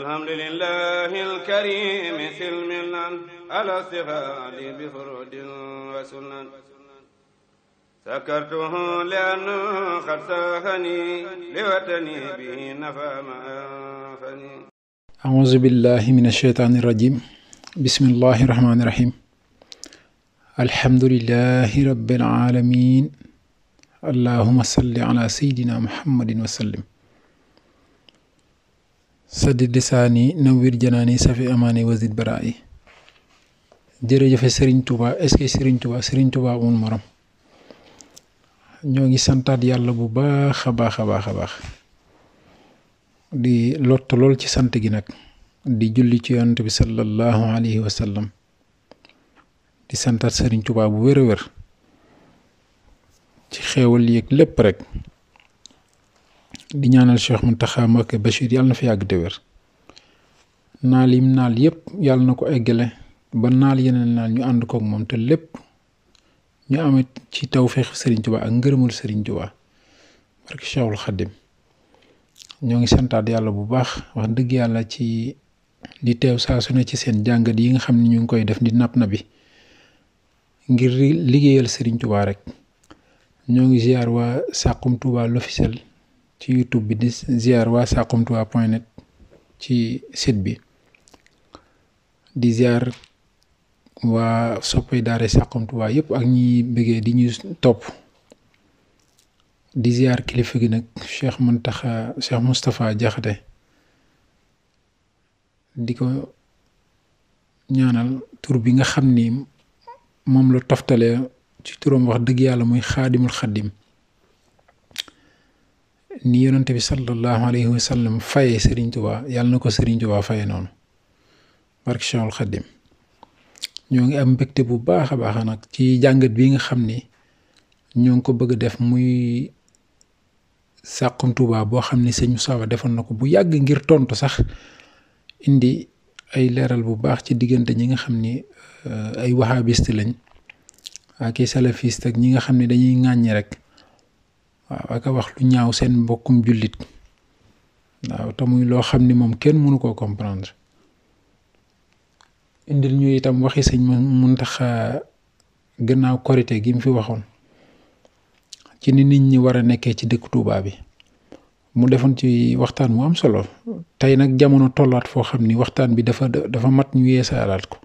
الحمد لله الكريم سلمنا على استغال بفرود وسنن سكرته لأنه قد ساهني لوطني به نفى ما أنفني أعوذ بالله من الشيطان الرجيم بسم الله الرحمن الرحيم الحمد لله رب العالمين اللهم صل على سيدنا محمد وسلم saddi lisaani nawwir janaani safi amaani wasid baraa'i jërëjëfe Serigne Touba est-ce que Serigne tubaa Serigne Touba amul morom ñoo ngi santaat yàlla bu baax a baax a baax a baax di lott lool ci sant gi nag di julli ci yonent bi sallallahu alayhi wa di santaat sëriñ tubaa bu wér a wér ci xéewal yéeg lépp rek di ñaanal Cheikh Mountakha Mbacké Bachir yàlla na fi yàgg te wér naal yim naal yëpp yàlla na ko eggale ba naal yeneen naal ñu ànd kook moom te lépp ñu amit ci tawféexu Serigne Touba ak ngërëmul Serigne Touba barke Cheikhul Khadim ñoo ngi santaat yàlla bu baax wax dëgg yàlla ci di teew saa su ne ci seen jàngat yi nga xam ne ñu ngi koy def di napp na bi ngir liggéeyal Serigne Touba rek ñoo ngi ziar waa Saxum Touba l'officiel ci youtube bi di ziar waa Saxum Touba point net ci site bi di ziar waa soppay daara Saxum Touba yëpp ak ñi bëggee di ñu topp di ziar kilifa gi nag Cheikh Mountakha Cheikh Moustapha Diakhaté di ko ñaanal tur bi nga xam ni moom la toftalee ci turam wax dëgg yàlla muy xaadimul xaddim ni yonante bi sallallahu alayhi wa faye Serigne Touba yàlla na ko Serigne Touba faye noonu barke Cheikhul ñoo ngi am mbégte bu baax a baax nag ci jàngat bi nga xam ni ñoo ngi ko bëgg a def muy Saxum Touba boo xam ni sëñ Saawa defoon na ko bu yàgg ngir tontu sax indi ay leeral bu baax ci diggante ñi nga xam ni euh, ay wahabiste lañ ak i salafiste ak ñi nga xam ne dañuy ŋàññi rek. waaw ak wax lu ñaaw seen mbokkum jullit waaw te muy loo xam ni moom kenn mënu koo comprendre indil ñu itam waxi sëñ Muntaxa gannaaw korite gi mu fi waxoon ci ni nit ñi war a nekkee ci dëkk Tuubaa bi mu defoon ci waxtaan mu am solo tey nag jamono tollaat foo xam ni waxtaan bi dafa dafa mat ñu yeesaalaat ko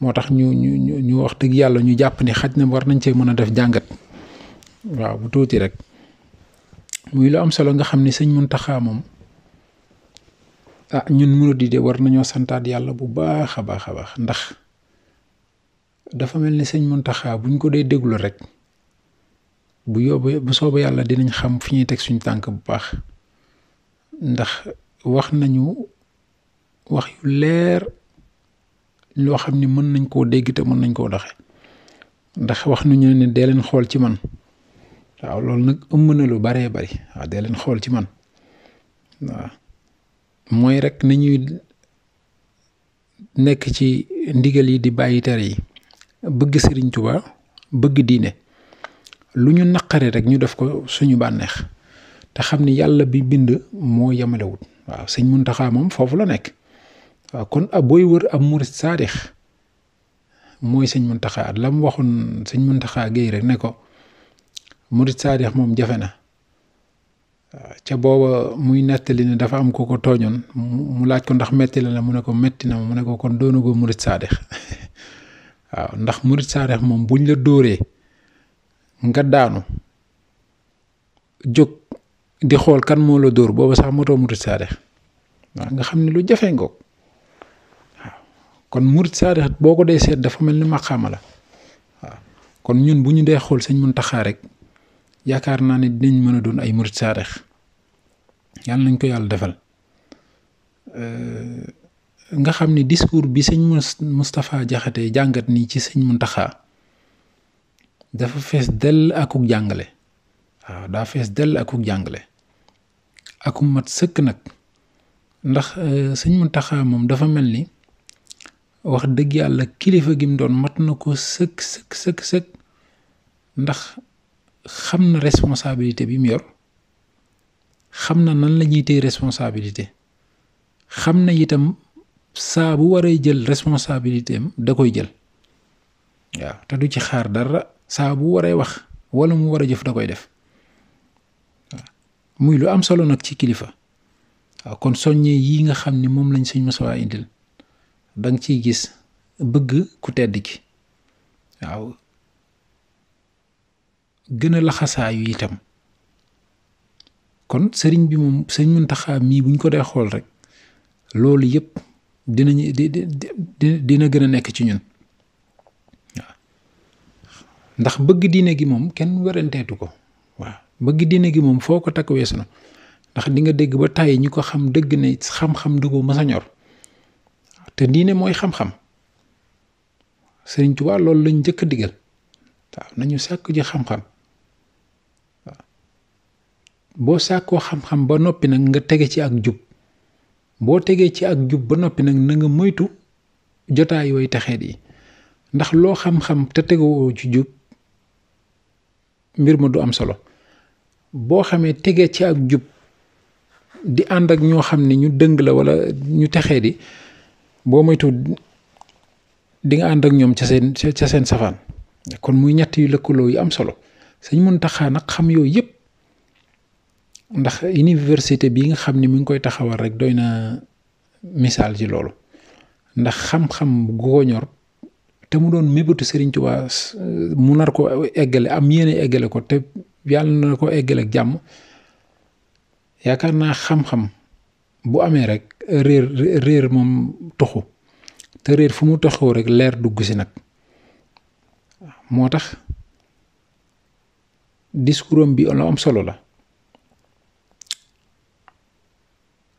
moo tax ñu ñu ñu ñu wax dëgg yàlla ñu jàpp ni xaj na war nañ cee mën a def jàngat waaw bu tuuti rek muy lu am solo nga xam ni sañ mun taxaa moom ah ñun murid yi de war nañoo santaat yàlla bu baax a baax a baax ndax dafa mel ni sëñ Muntaxa buñ ko dee déglu rek bu yóbbu bu sooba yàlla dinañ xam fi ñuy teg suñ tànk bu baax ndax wax nañu wax yu leer loo xam ni mën nañ koo dégg te mën nañ koo doxe ndax wax nañu ne dee leen xool ci man waaw loolu nag ëmb na lu baree bari waaw dee leen xool ci man waaw mooy rek ni nekk ci ndigal yi di bàyyi tere yi bëgg Sëriñ Tuubaa bëgg diine lu ñu naqare rek ñu def ko suñu bànneex te xam ne yàlla bi bind moo yemalewut waaw sëñ Muntaxa moom foofu la nekk waaw kon ab booy wër am murit saadix mooy sëñ Muntaxa la mu waxoon sëñ Muntaxa Géey rek ne ko murit saadix moom jafe na ca booba muy nettali ne dafa am ko ko tooñoon mu laaj ko ndax metti la la mu ne ko metti na mu ne ko kon doonagoo murit saadix waaw ndax murit saadix moom buñ la dóoree nga daanu jóg di xool kan moo dóor booba sax motoo murit saadix waaw nga xam ne lu jafe ngoog waaw kon murit saadix boo ko dee seet dafa mel ni maqaama la waaw kon ñun bu ñu dee xool sëñ Muntaxa rek yaakaar naa ne dinañ mën a doon ay murit saadex yàlla nañ ko yàlla defal nga xam ne discours bi sëñ Moustapha Jaxate jàngat nii ci sëñ Muntaxa dafa fees dell akuk jàngale waaw daa fees dell akuk jàngale aku mat sëkk nag ndax sëñ Muntaxa moom dafa mel ni wax dëgg yàlla kilifa gi mu doon mat na ko sëkk sëkk sëkk sëkk ndax xam na responsabilité bi mu yor xam na nan la ñuy responsabilité xam na itam saa bu waree jël responsabilité da koy jël waaw te du ci xaar dara saa bu waree wax wala mu war a jëf da koy def muy lu am solo nag ci kilifa waaw kon soññee yi nga xam ni moom lañ sëñ Moustapha indil danga ciy gis bëgg ku tedd ki waaw gën a laxasaayu itam kon sëriñ bi moom sëriñ Muntaxa mii buñ ko dee xool rek loolu yëpp dinañu di dina gën a nekk ci ñun waaw ndax bëgg diine gi moom kenn weranteetu ko waaw bëgg diine gi moom foo ko takk weesu na ndax di nga dégg ba tàyyi ñu ko xam dëgg ne xam-xam du ko mës a ñor te diine mooy xam-xam sëriñ Tuubaa loolu lañ njëkk digal waaw nañu sàkk ji xam-xam boo sàkkoo xam-xam ba noppi nag nga tege ci ak jub boo tegee ci ak jub ba noppi nag na nga moytu jotaay yooyu texeet yi ndax loo xam-xam te tegewoo ci jub mbir ma du am solo boo xamee tegee ci ak jub di ànd ak ñoo xam ne ñu dëng la wala ñu texee di boo moytu di ànd ak ñoom ca seen ca seen safaan kon muy ñett yu lëkkaloo yu am solo Sëñ Muntaxa nag xam yooyu yëpp ndax université bi nga xam ni mu ngi koy taxawal rek doy na misaal ci loolu ndax xam-xam gu ko ñor te mu doon mébatu Serigne Touba mu nar ko eggale am yéene eggale ko te yàlla na ko eggale ak jàmm yaakaar naa xam-xam bu amee rek réer moom toxu te réer fu mu toxoo rek leer dugg si nag moo tax diskurom bi la am solo la.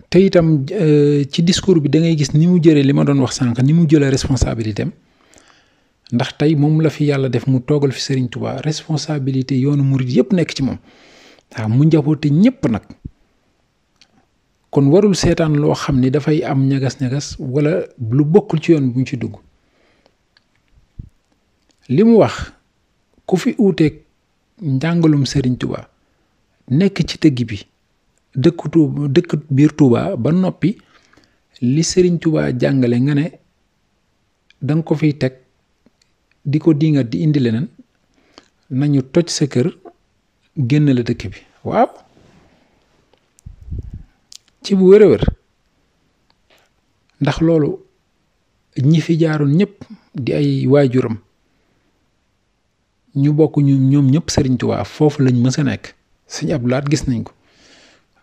te itam euh, ci discours bi da ngay gis ni mu jëree li ma doon wax sànq ni mu jëlee responsabilité am ndax tey moom la fi yàlla def mu toogal fi Serigne Touba responsabilité yoonu murid yëpp nekk ci moom waaw mu njaboote ñëpp nag kon warul seetaan loo xam ni dafay am ñagas-ñagas wala lu bokkul ci yoon bu mu ci dugg li mu wax ku fi uuteeg njàngalum sëriñ Touba nekk ci tëgg bi. dëkk Tuuba dëkk ba noppi li sëriñ Tuuba jàngale nga ne danga ko fi teg di ko dinga di indi leneen nañu toj sa kër génn la dëkk bi waaw ci bu wér wér ndax loolu ñi fi jaaroon ñépp di ay waajuram ñu bokk ñu ñoom ñëpp sëriñ Tuuba foofu lañ mës a nekk sëñ Abdou Lahad gis nañ ko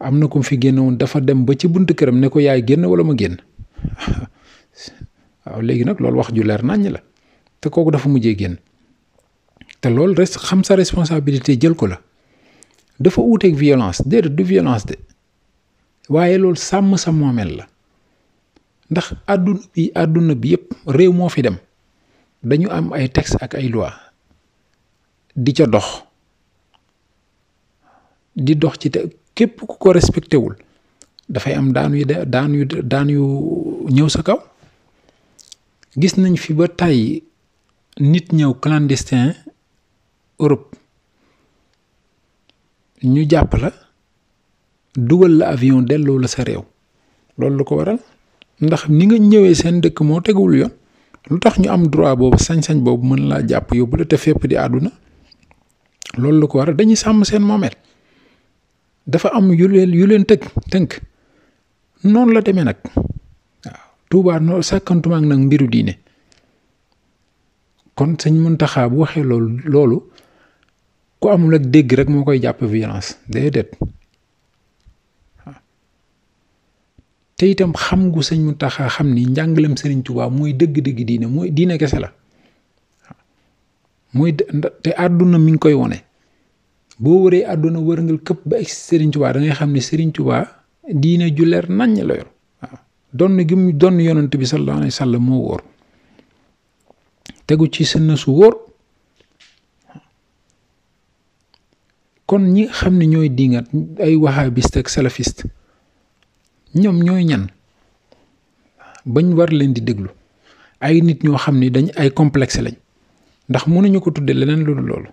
am na ku fi génn dafa dem ba ci buntu këram ne ko yaay génn wala ma génn waaw léegi nag loolu wax ju leer naññ la te kooku dafa mujjee génn te loolu res xam sa responsabilité jël ko la dafa uuteeg violence déedéet du violence de waaye lool sàmm sa moomeel la ndax àdduna bi àdduna bi yëpp réew moo fi dem dañu am ay texte ak ay loi di ca dox di dox ci te képp ku ko respecté wul dafay am daan yu de daan yu daan yu ñëw sa kaw gis nañ fi ba tàyyi nit ñëw clandestin Europe ñu jàpp la dugal la avion delloo la sa réew loolu lu ko waral ndax ni nga ñëwee seen dëkk moo teguwul yoon lu tax ñu am droit boobu sañ-sañ boobu mën laa jàpp yóbbu la te fépp di àdduna loolu lu ko waral dañuy sàmm seen moomeet dafa am yu leen yu leen tëgg tënk noonu la demee nag waaw Tuubaa noo sàkkantumaak nag mbiru diine kon sëñ taxaa bu waxee loolu loolu ku amul ak dégg rek moo koy jàpp violence déedéet te itam xam gu sëñ taxaa xam ni njàngalem sëriñ Tuubaa mooy dëgg-dëgg diine mooy diine kese la mooy te àdduna mi ngi koy wone boo wëree àdduna wërngal këpp ba egsi Serigne Touba da xam ni Serigne Touba diine ju leer naññ la yor waaw donn gi donn yonent bi sallallahu alayhi wa sallam moo wóor tegu ci sunna su wóor kon ñi xam ne ñooy dingat ay wahabiste ak salafiste ñoom ñooy ñan bañ war leen di déglu ay nit ñoo xam ni dañ ay complexe lañ ndax mënuñu ko tudde leneen lu dul loolu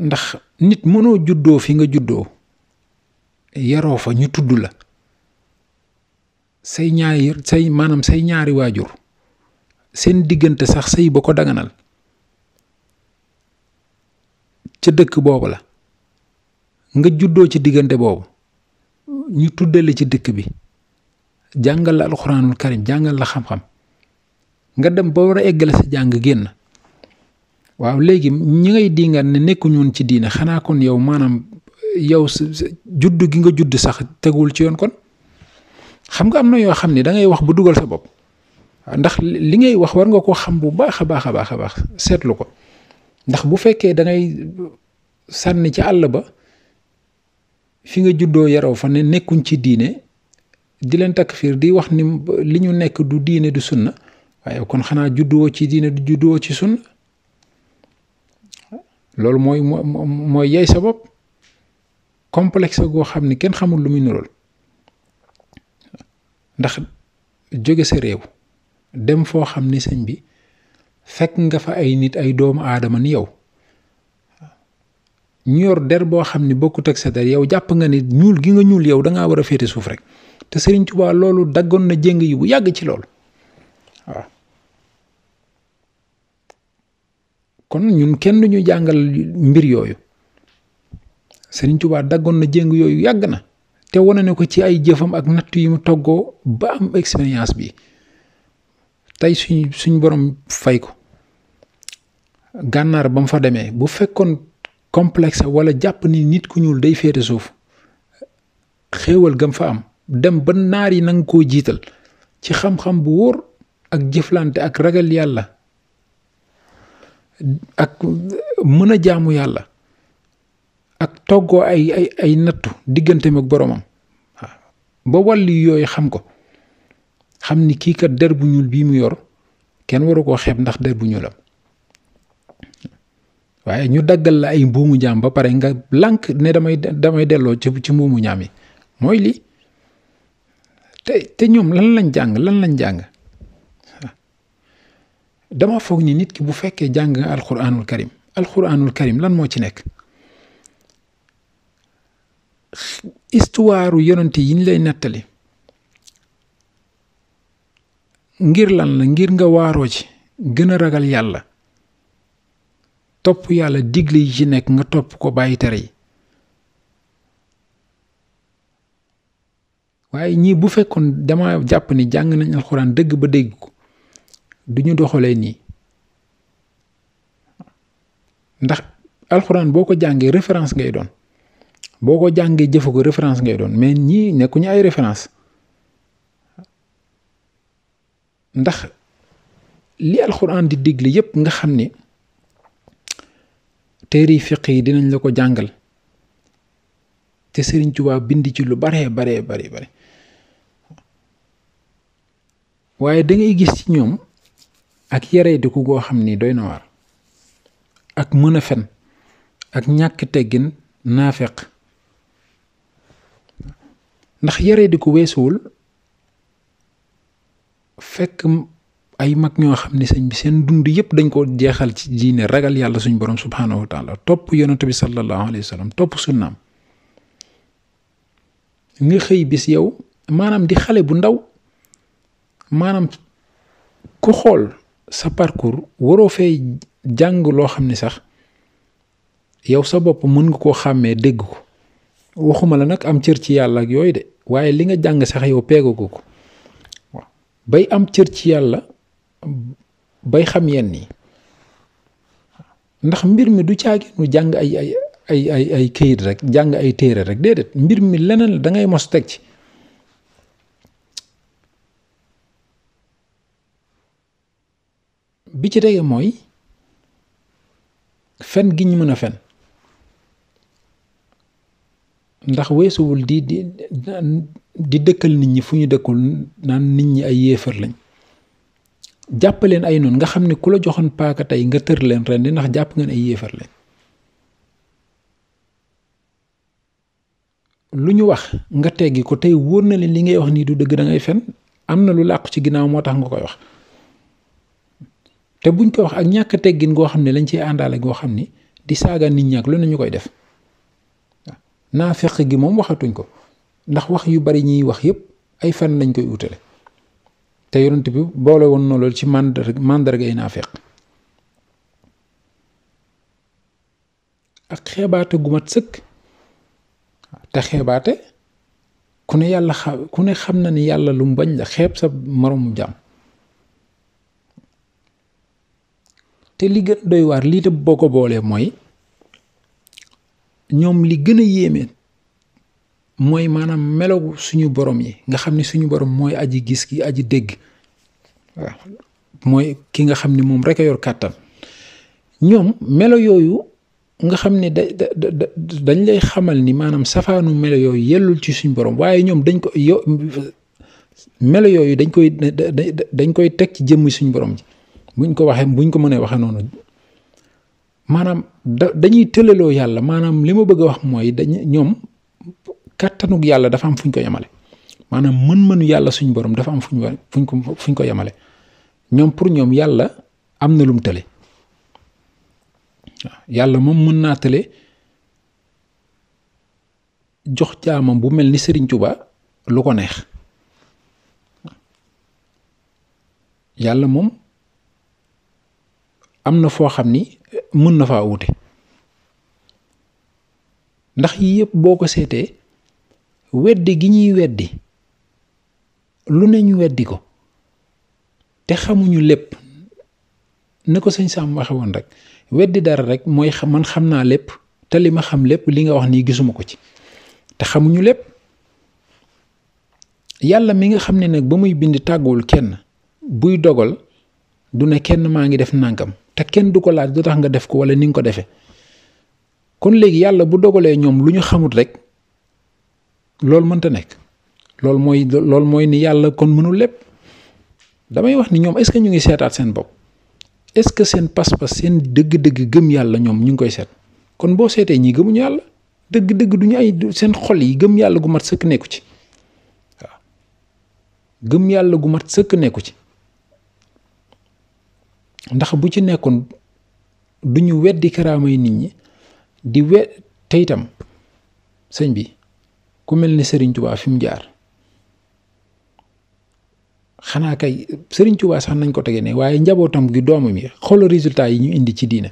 ndax nit mënoo juddoo fi nga juddoo yaroo fa ñu tudd la say ñaari say maanaam say ñaari waajur seen diggante sax sëy ba ko daganal ca dëkk boobu la nga juddoo ci diggante boobu ñu tuddale ci dëkk bi jàngal la alxuraanul karim jàngal la xam-xam nga dem ba war a eggale sa jàng génn waaw léegi ñi ngay dingaan ne nekkuñu ci diine xanaa kon yow maanaam yow judd gi nga judd sax tegul ci yoon kon xam nga am na yoo xam ne da ngay wax bu dugal sa bopp ndax li ngay wax war nga ko xam bu baax a baax a baax a baax seetlu ko ndax bu fekkee da ngay sànni ci àll ba fi nga juddoo yaroo fa ne nekkuñ ci diine di leen takk fiir di wax ni li ñu nekk du diine du sunna waaye kon xanaa juddoo ci diine du juddoo ci sunna loolu mooy mooy yey sa bopp complexe goo xam ni kenn xamul lu muy nirool ndax jóge sa réew dem foo xam ni sëñ bi fekk nga fa ay nit ay doomu aadama ni yow ñu yor der boo xam ni bokkut ak sa der yow jàpp nga nit ñuul gi nga ñuul yow da ngaa war a féete suuf rek te Sëriñ Tuubaa loolu daggoon na jéng yi bu yàgg ci loolu kon ñun kenn du ñu jàngal mbir yooyu Sëriñ Tuubaa daggoon na jéng yooyu yàgg na te wane ne ko ci ay jëfam ak nattu yi mu toggoo ba am expérience bi tey suñ suñ borom fay ko gànnaar ba mu fa demee bu fekkoon complexe wala jàpp ni nit ku ñuul day féete suuf xéewal gam fa am dem ba naar yi nanga koo jiital ci xam-xam bu wóor ak jëflante ak ragal yàlla ak mën a jaamu yàlla ak toggoo ay ay ay nattu digganteem ak boromam ba wàllu yooyu xam ko xam ni kii kat der bu ñuul bii mu yor kenn waru koo xeeb ndax der bu ñuulam waaye ñu daggal la ay mbuumu jaam ba pare nga lànk ne damay delloo ci ci mbuumu ñaam yi mooy lii te te ñoom lan lañ jàng lan lañ jàng dama foog ni nit ki bu fekkee jàng nga karim alquranul karim lan moo ci nekk histoire yonent yi ñu lay nettali ngir lan la ngir nga waaroo ci gën a ragal yàlla topp yàlla digle yi ci nekk nga topp ko bàyyi tere yi waaye ñii bu fekkoon dama jàpp ni jàng nañ alxuraan dëgg ba dégg ko du ñu doxalee nii ndax alxuraan boo ko jàngee référence ngay doon boo ko jàngee jëfe ko référence ngay doon mais ñii nekkuñu ay référence ndax li alxuraan di digle yépp nga xam ni téeri fiq yi dinañ la ko jàngal te Sëriñ Tuubaa bind ci lu baree baree bare bare waaye da ngay gis ci ñoom ak yaree di ku goo xam nii doy na waar ak mën a fen ak ñàkk teggin naafeq ndax yaree di ku weesuwul fekk ay mag ñoo xam ne sëñ bi seen dund yëpp dañ ko jeexal ci diine ragal yàlla suñ borom subhaanahu wa taala topp yonent bi sallallahu alayhi wa sallam topp sunnaam nga xëy bis yow maanaam di xale bu ndaw maanaam ku xool sa parcours waroo fee jàng loo xam ne sax yow sa bopp mën nga koo xàmmee dégg ko waxuma la nag am cër ci yàlla ak yooyu de waaye li nga jàng sax yow peegagu ko waaw bay am cër ci yàlla bay xam yenn yi ndax mbir mi du caagi nu jàng ay ay ay ay kayit rek jàng ay téere rek déedéet mbir mi leneen la dangay ngay mos teg ci. bi ci tege mooy fen gi ñu mën a fen ndax weesuwul di di di dëkkal nit ñi fu ñu dëkkul naan nit ñi ay yéefar lañ jàppaleen ay noon nga xam ne ku la joxoon paaka tey nga tër leen ren ndax jàpp ngeen ay yéefar lañ lu ñu wax nga teggi ko tey wóor na leen li ngay wax nii du dëgg da ngay fen am na lu làqu ci ginnaaw moo tax nga koy wax te buñ ko wax ak ñàkk teggin goo xam ne lañ ci àndaale goo xam ni di saaga nit ñi ak lu ne ñu koy def waaw naafeq gi moom waxatuñ ko ndax wax yu bari ñiy wax yépp ay fan lañ koy utale te yonent bi boole woon na loolu ci mandar mandarga ay naafeq ak xeebaate gu sëkk te xeebaate ku ne yàlla xam ku ne xam na ne yàlla lu mu bañ la xeeb sa moromu jàmm te li gën doy waar lii te boo ko boolee mooy ñoom li gën a yéeme mooy maanaam melawu suñu borom yi nga xam ne suñu borom mooy aji gis ki aji dégg mooy ki nga xam ne moom rek a yor kàttan ñoom melo yooyu nga xam ne da dañ lay xamal ni maanaam safaanu melo yooyu yellul ci suñu borom waaye ñoom dañ ko yo melo yooyu dañ koy dañ koy teg ci jëmm suñu borom ji buñ ko waxee buñ ko mënee waxee noonu maanaam da dañuy tëlaloo yàlla maanaam li ma bëgg a wax mooy dañ ñoom kattanug yàlla dafa am fu fuñ ko yemale maanaam mën-mënu yàlla suñu borom dafa am fuñ fuñ ko fuñ ko yemale ñoom pour ñoom yàlla am na lum tële yàlla moom mën naa tële jox jaamam bu mel ni Serigne Touba lu ko neex yàlla moom. am na foo xam ni eh, mën na faa wute ndax yii yëpp boo ko seetee weddi gi ñuy weddi lu ne ñu weddi ko te xamuñu lépp na ko sëñ Sam waxe woon rek weddi dara rek mooy xam man xam naa lépp te li ma xam lépp li nga wax nii gisuma ko ci te xamuñu lépp yàlla mi nga xam ne nag ba muy bind tàgguwul kenn buy dogal du ne kenn maa ngi def nànkam te kenn du ko laaj du tax nga def ko wala ni nga ko defee kon léegi yàlla bu dogalee ñoom lu ñu xamut rek loolu mënta nekk loolu mooy loolu mooy ni yàlla kon mënul lépp damay wax ni ñoom est-ce que ñu ngi seetaat seen bopp est-ce que seen pas-pas seen dëgg-dëgg gëm yàlla ñoom ñu ngi koy seet kon boo seetee ñii gëmuñu yàlla dëgg-dëgg duñu ay seen xol yi gëm yàlla gu mat sëkk nekku ci waaw gëm yàlla gu mat sëkk nekku ci ndax bu ci nekkoon du ñu weddi karaamay nit ñi di we te itam sëñ bi ku mel ni Serigne Touba fi mu jaar xanaa kay Serigne Touba sax nañ ko tege ne waaye njabootam gi doomam yi xoolal résultat yi ñu indi ci diina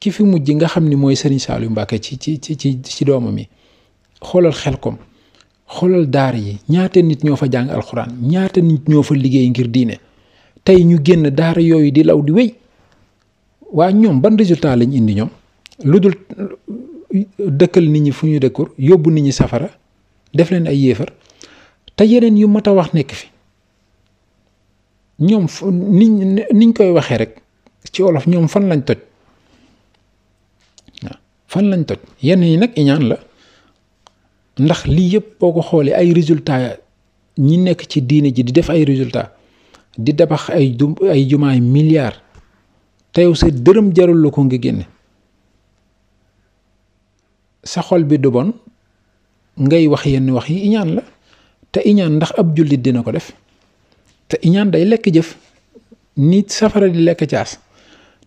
ki fi mujj nga xam ni mooy Serigne Saliou Mbacke ci ci ci ci doomam yi xoolal xel kom xolal daara yi ñaate nit ñoo fa jàng alxuraan ñaata nit ñoo fa liggéey ngir diine tey ñu génn daara yooyu di law di wéy waa ñoom ban résultat lañ indi ñoom lu dul dëkkal nit ñi fu ñu dëkkur yóbbu nit ñi safara def leen ay yéefar te yeneen yu mat a wax nekk fi ñoom koy waxee rek ci wolof ñoom fan lañ toj fan lañ toj yenn yi nag iñaan la ndax lii yëpp boo ko xoolee ay résultat ñi nekk ci diine ji di def ay résultat di dabax ay jum ay jumaa milliards te yow sa dërëm ko nga génne sa xol bi du ngay wax yenn wax yi iñaan la te iñaan ndax ab jullit dina ko def te iñaan day lekk jëf nit safara di lekk caas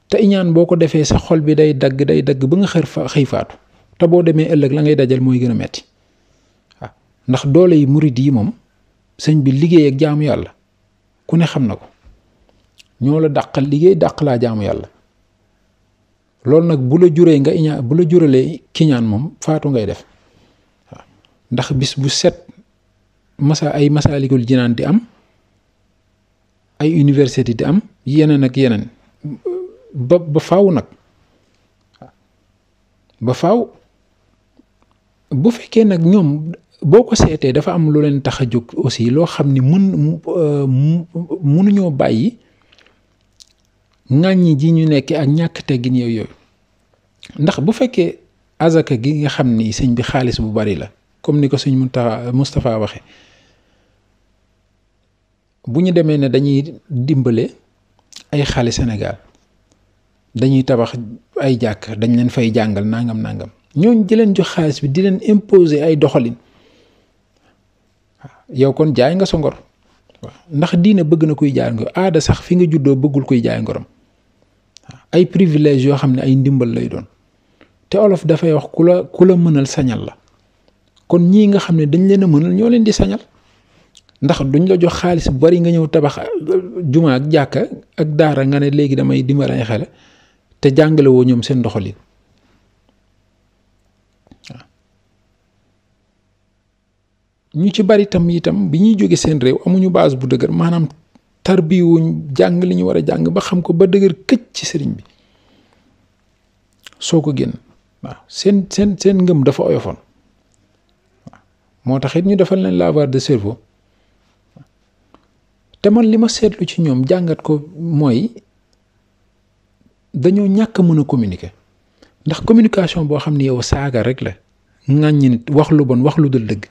te iñaan boo ko defee sa xol bi day dagg day dagg ba nga xër fa xëy faatu te boo demee ëllëg la ngay dajal mooy gën a metti ndax doole yi murid yi moom sëñ bi liggéey ak jaamu yàlla ku ne xam na ko ñoo la dàqal liggéey dàq laa jaamu yàlla loolu nag bu la juree nga iñaan bu la juralee kiñaan moom faatu ngay def ndax bis bu set masa ay masaalikul jinaan di am ay université di am yeneen ak yeneen ba ba faaw nag ba faaw bu fekkee nag ñoom boo ko seetee dafa am lu leen tax a jóg aussi loo xam ni mën mënuñoo euh, bàyyi ŋàññi ji ñu nekk ak ñàkk teggin yooyu ndax bu fekkee azaka gi nga xam ni sëñ bi xaalis bu bari la comme ni ko sëñ Moustapha waxe bu ñu demee ne dañuy dimbale ay xale Sénégal dañuy tabax ay jàkk dañ leen fay jàngal nangam nangam ñooñ di leen jox xaalis bi di leen imposer ay doxalin yow kon jaay nga sa ngor waaw ndax diine bëgg na kuy jaay ngor aada sax fi nga juddoo bëggul kuy jaay ngorom ay privilège yoo xam ne ay ndimbal lay doon te olof dafay wax ku la ku la mënal sañal la kon ñii nga xam ne dañ leen a mënal ñoo leen di sañal ndax duñ la jox xaalis bu bari nga ñëw tabax euh, juma ak jàkka ak daara nga ne léegi damay dimbali ay xale te jàngalewoo ñoom seen doxalin ñu ci bari tam itam bi ñuy jóge seen réew amuñu base bu dëgër maanaam tarbiwuñ jàng li ñu war a jàng ba xam ko ba dëgër këcc ci sëriñ bi soo ko génn waaw seen seen seen ngëm dafa oyofoon waaw moo tax it ñu defal leen lavage de cerveau te man li ma seetlu ci ñoom jàngat ko mooy dañoo ñàkk a mën a communiquer ndax communication boo xam ne yow saaga rek la ŋàññi nit wax lu bon wax lu dul dëgg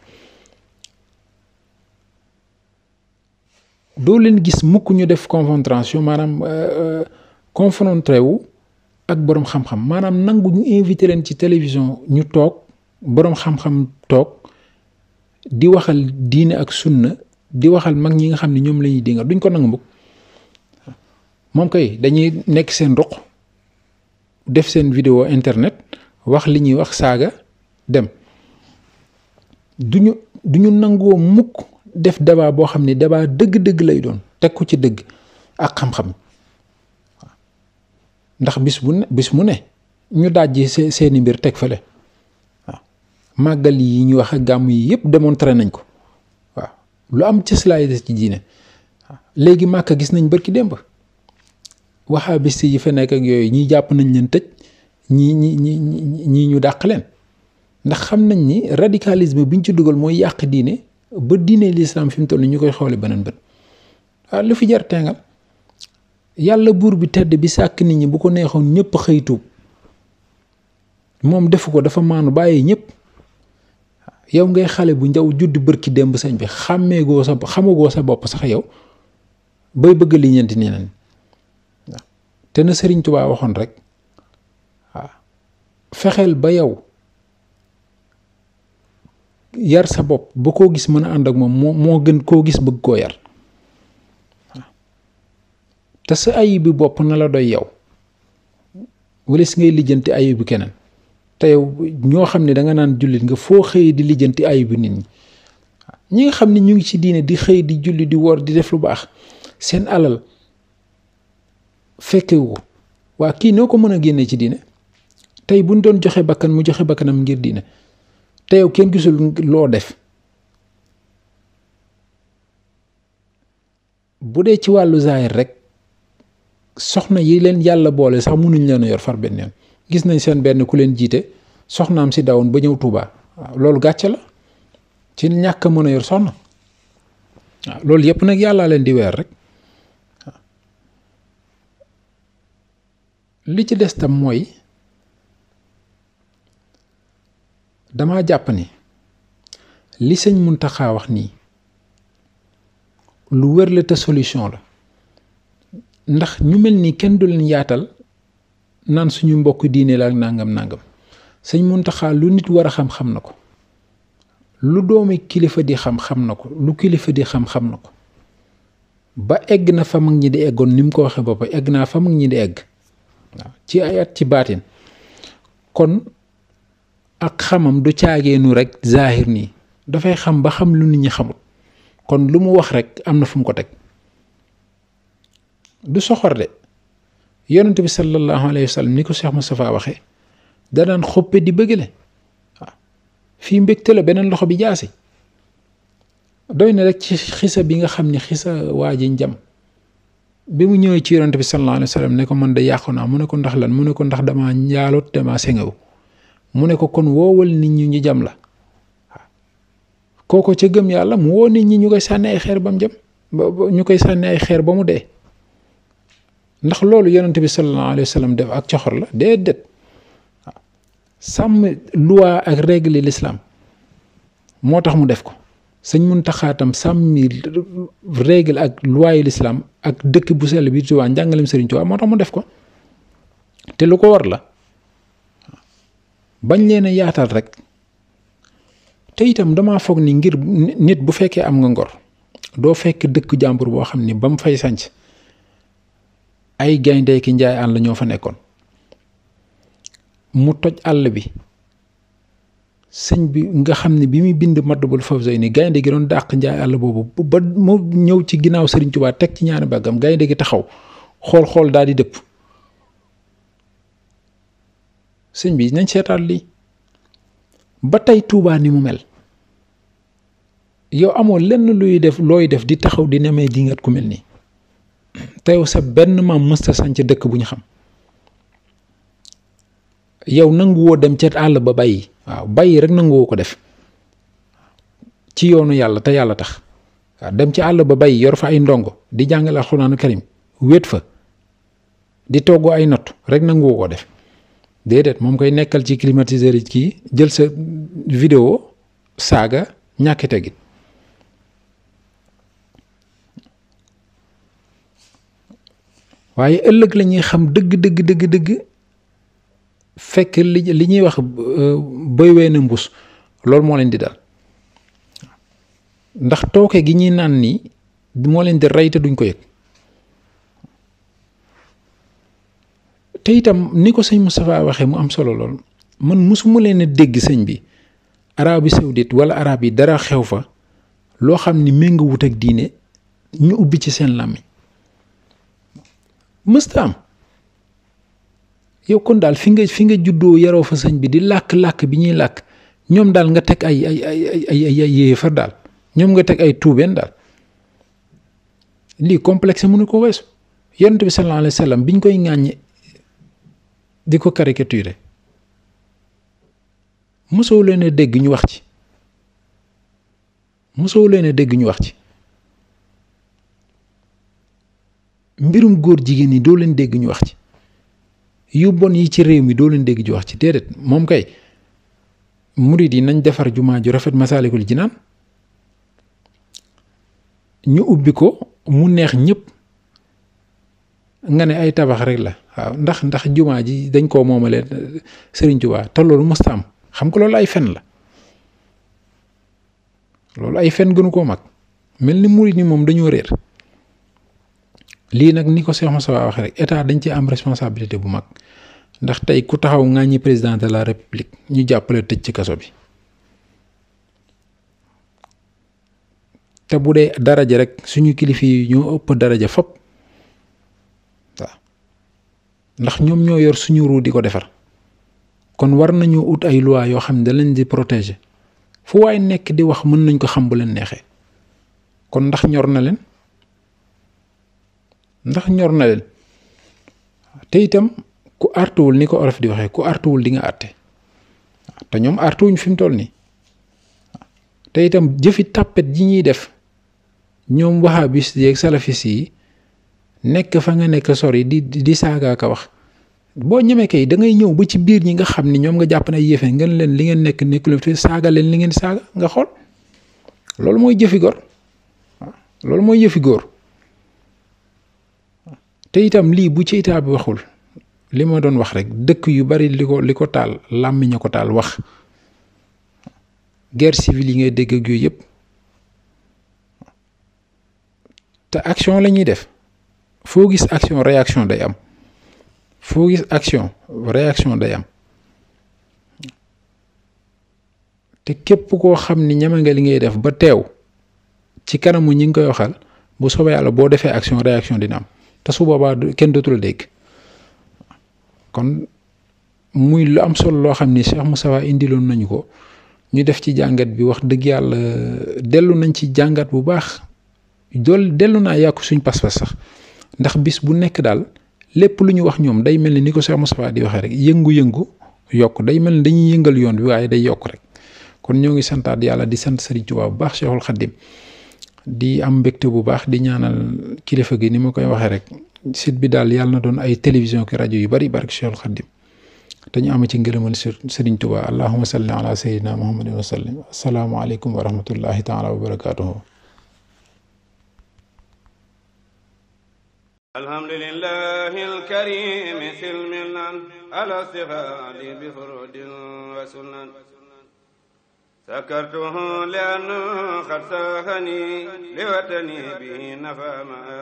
doo leen gis mukk ñu def confrontation maanaam euh, euh, confronté wu ak borom xam-xam maanaam nangu ñu invité leen ci télévision ñu toog boroom xam-xam toog di waxal diine ak sunna di waxal mag ñi nga xam ne ñoom lañuy ñuy dinga duñ ko nangu mukk moom kay dañuy nekk seen ruq def seen vidéo internet wax li ñuy wax saaga dem duñu duñu nangoo mukk def débat boo xam ne débat dëgg-dëgg lay doon teg ko ci dëgg ak xam-xam ndax bis bu ne bis mu ne ñu dajji see seeni mbir teg fale waaw màggal yi ñu wax ak gàmm yi yëpp démontré nañ ko waaw lu am ci cëslaay des ci diine léegi màkk gis nañ bërki démb wahabiste yi fa nekk ak yooyu ñii jàpp nañ leen tëj ñii ñi ñi ñii ñu dàq leen ndax xam nañ ni radicalisme biñ ci dugal mooy yàq diine ba dinee lislaam fi mu toll ñu koy xoole beneen bët waaw lu fi jar teengal yàlla buur bi tedd bi sàkk nit ñi bu ko neexoon ñëpp xëy tuub moom defu ko dafa maanu bàyyi ñépp yow ngay xale bu njaw judd bërki démb sëñ bi xàmmee goo sa bopp sax yow bay bëgg li ñeenti neneen te na Sëriñ Tuubaa waxoon rek waaw fexeel ba yow yar sa bopp ba koo gis mën a ànd ak moom moo moo gën koo gis bëgg koo yar te sa ayib bi bopp na la doy yow wala si ngay lijjanti ayib bi keneen te ñoo xam ne danga naan jullit nga foo xëyee di lijjanti ayib bi nit ñi ñi nga xam ne ñu ngi ci diine di xëy di julli di woor di def lu baax seen alal fekkewu waa kii noo ko mën a génne ci diine tey buñ doon joxe bakkan mu joxe bakkanam ngir diine te yow kenn gisul loo def bu dee ci wàllu zaahir rek soxna yi leen yàlla boole sax munuñ leen yor far benn yoon gis nañ seen benn ku leen jiite soxnaam si dawoon ba ñëw Touba loolu gàcce la ci ñàkk mën a yor soxna waaw loolu yépp nag yàllaa leen di weer rek li ci des tam mooy. dama jàpp ne li sëñ Muntaxa wax nii lu wér la solution la ndax ñu mel ni kenn du leen yaatal naan suñu mbokk diine la ak nangam nangam sëñ taxaa lu nit war a xam xam na ko lu doomi kilifa di xam xam na ko lu kilifa di xam xam na ko ba egg na fa mag ñi ko waxee boppam naa fa mag ñi di egg waaw ci ay ci baatin kon. ak xamam du caageenu rek zaahir nii dafay xam ba xam lu nit ñi xamul kon lu mu wax rek am na fu mu ko teg du soxor de yonent bi sallallahu alayhi wa ni ko seex Cheikh Moustapha waxee da daan xoppe di bëggale waaw fii mbégte la beneen loxo bi jaasi doy na rek ci xisa bi nga xam ni xisa waa ji njam bi mu ñëwee ci yonent bi sallallahu alayhi wa sallam ne ko man de yàqu naa mu ne ko ndax lan mu ne ko ndax damaa njaalot damaa sengewu mu ne ko kon woowal nit ñi ñu jam la kooko ca gëm yàlla mu woo nit ñi ñu koy sànni ay xeer ba mu jëm ñu koy sànni ay xeer ba mu dee ndax loolu yonent bi sallallahu alayhi ak coxor la déedéet sàmm loi ak règle l'islam moo tax mu def ko sëñ Muntaxa taxaatam sàmmi règle ak loi yi l'islam ak dëkk bu sell bi Tuubaa njàngalem Sëriñ Tuubaa moo tax mu def ko te lu ko war la bañ leen a yaatal rek te itam damaa foog ni ngir nit bu fekkee am nga ngor doo fekk dëkk jàmbur boo xam ni ba mu fay sanc ay gaynde ki njaay àll ñoo fa nekkoon mu toj àll bi sëñ bi nga xam ne bi muy bind Matlaboul ni gaynde gi doon dàq njaay àll boobu ba mu ñëw ci ginnaaw Sëriñ Tuubaa teg ci ñaari bàggam gaynde gi taxaw xool xool daal di dëpp sëñ bi nañ seetaat li ba tey Touba ni mu mel yow amoo lenn luy def looy def di taxaw di nemee dingat ku mel nii te yow sa benn maam mësta sanc dëkk bu ñu xam yow nanguwoo dem ca àll ba bàyyi waaw bàyyi rek nanguwoo ko def ci yoonu yàlla te yàlla tax waaw dem ci àll ba bàyyi yor fa ay ndongo di jàngale alxuraanu karim wéet fa di toggoo ay nott rek nanguwoo koo def déedéet moom koy nekkal ci climatiseur yi jël sa vidéo saaga ñàkk gi waaye ëllëg lañuy xam dëgg dëgg dëgg dëgg fekk li li ñuy wax euh, bëy wee na mbus loolu moo leen di dal ndax tooke gi ñuy naan nii moo leen di rey te duñ ko yëg te itam ni ko sëñ Moustapha waxee mu am solo lool man mosuma leen a dégg sëñ bi Arabie Saoudite wala araab yi dara xew fa loo xam ni méngoowut ak diine ñu ubbi ci seen làmmiñ mësta am yow kon daal fi nga fi nga juddoo yaroo fa sëñ bi di làkk-làkk bi ñuy làkk ñoom daal nga teg ay ay ay ay ay ay daal ñoom nga teg ay tuubeen daal lii complexe mënu ko weesu yonent bi sallallahu alayhi wa biñ koy ŋàññe di ko caricaturer mosoo leen a dégg ñu wax ci mosoo leen a dégg ñu wax ci mbirum góor jigéen yi doo leen dégg ñu wax ci yu bon yi ci réew mi doo leen dégg ñu wax ci déedéet moom kay murid yi nañ defar jumaa ju rafet Masaalikul Jinaan ñu ubbi ko mu neex ñëpp. nga ne ay tabax rek la waaw ndax ndax jumaa ji dañ koo moomalee eh, Sëriñ Tuubaa te loolu mësta am xam ko loolu ay fen la loolu ay fen gënu koo mag mel ni murit nii moom dañoo réer lii nag ni ko Cheikh Moussa wax rek état dañ ci am responsabilité bu mag ndax tey ku taxaw ŋàññi président de la république ñu jàppale tëj ci kaso bi te bu dee daraja rek suñu kilifa yi ñoo ëpp daraja fop ndax ñoom ñoo yor suñu ruu di ko defar kon war nañu ut ay loi yoo xam ne da leen di protéger fu waay nekk di wax mën nañ ko xam bu leen neexee kon ndax ñor na leen ndax ñor na leen te itam ku artuwul ni ko olof di waxee ku artuwul di nga àtte te ñoom artuwuñ fi mu toll nii te itam jëfi tàppet ji ñuy def ñoom wahabis yeeg salafis yi nekk fa nga nekk sor yi di di saaga ka wax boo ñemee kay da ngay ñëw ba ci biir ñi nga xam ni ñoom nga jàpp na yéefe ngeen leen li ngeen nekk nekkul te saaga leen li ngeen saaga nga xool loolu mooy jëfi góor loolu mooy yëfi te itam lii bu ci état bi waxul li ma doon wax rek dëkk yu bari li ko li ko taal làmmiñ a ko taal wax guerre civile yi ngay dégg ak yooyu yëpp te action la ñuy def. foo gis action réaction day am foo gis action réaction day am te képp koo xam ni ñeme nga li ngay def ba teew ci kanamu ñi ngi koy waxal bu soobee yàlla boo defee action réaction dina am te su boobaa kenn dootul dégg kon muy lu am solo loo xam ni Cheikh Moustapha indiloon nañu ko ñu def ci jàngat bi wax dëgg yàlla dellu nañ ci jàngat bu baax dool dellu naa yàqu suñ pas-pas sax ndax bis bu nekk daal lépp lu ñu wax ñoom day mel ni ni ko Cheikh Moustapha di waxee rek yëngu-yëngu yokk day mel ni dañuy yëngal yoon bi waaye day yokk rek kon ñoo ngi santaat yàlla di sant Serigne Touba bu baax Cheikhul Khadim am mbégte bu baax di ñaanal kilifa gi ni ma koy waxee rek site bi daal yàlla na doon ay télévision ki rajo yu bari barke Cheikhul Khadim dañu am ci ngërëmal Serigne Touba allahumma salli ala sayyidina muhammadin wa sallim asalaamaaleykum wa rahmatullahi taala wa barakaatuhu alhamdulillahi alkarim silmilan alastighadi bi furudin wa sunan sakartuhu lian qad sahani liwatani bihi nafa ma